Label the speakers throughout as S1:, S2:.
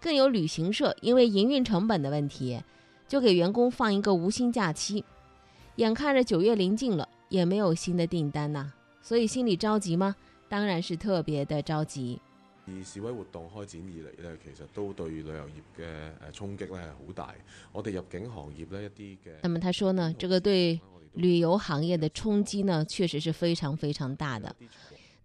S1: 更有旅行社因為營運成本的問題，就給員工放一個無薪假期。眼看着九月臨近了，也沒有新的訂單呐、啊，所以心裏着急嗎？當然是特別的着急。
S2: 而示威活動開展以嚟咧，其實都對旅遊業嘅誒衝擊咧係好大。我哋入境行業呢，一啲嘅，
S3: 那麼
S1: 他說呢，這個對旅遊行業的衝擊呢，確實是非常非常大的。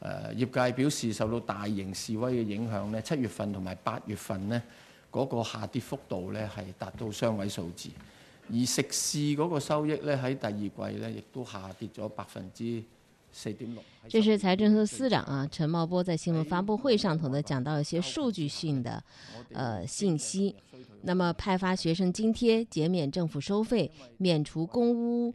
S4: 誒、呃、業界表示受到大型示威嘅影響呢，七月份同埋八月份呢嗰、那個下跌幅度呢係達到雙位數字，而食肆嗰個收益呢，喺第二季呢亦都下跌咗百分之四點六。
S1: 在的這是財政司司長啊，陳茂波在新聞發布會上頭的講到、呃啊、到一些數據性的誒、呃、信息，那麼派發學生津貼、減免政府收費、免除公屋。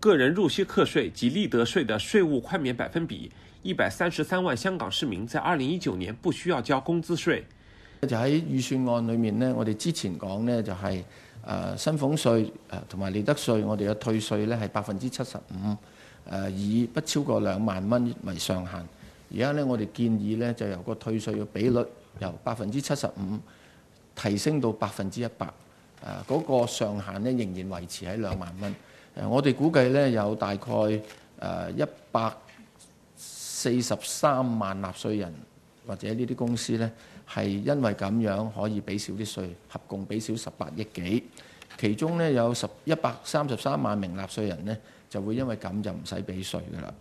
S3: 個人入息課稅及利得稅的稅務寬免百分比，一百三十三萬香港市民在二零一九年不需要交工資稅。
S4: 就喺預算案裏面呢，我哋之前講呢，就係誒薪俸稅誒同埋利得稅，我哋嘅退稅呢係百分之七十五誒，以不超過兩萬蚊為上限。而家呢，我哋建議呢，就由個退稅嘅比率由百分之七十五提升到百分之一百，誒、那、嗰個上限呢，仍然維持喺兩萬蚊。誒，我哋估計咧有大概誒一百四十三萬納稅人或者呢啲公司咧，係因為咁樣可以俾少啲稅，合共俾少十八億幾。其中咧有一百三十三萬名納稅人咧，就會因為咁就唔使俾稅噶啦。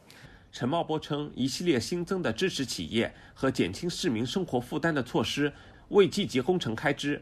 S3: 陳茂波稱，一系列新增嘅支持企業和減輕市民生活負擔嘅措施，為積極工程開支。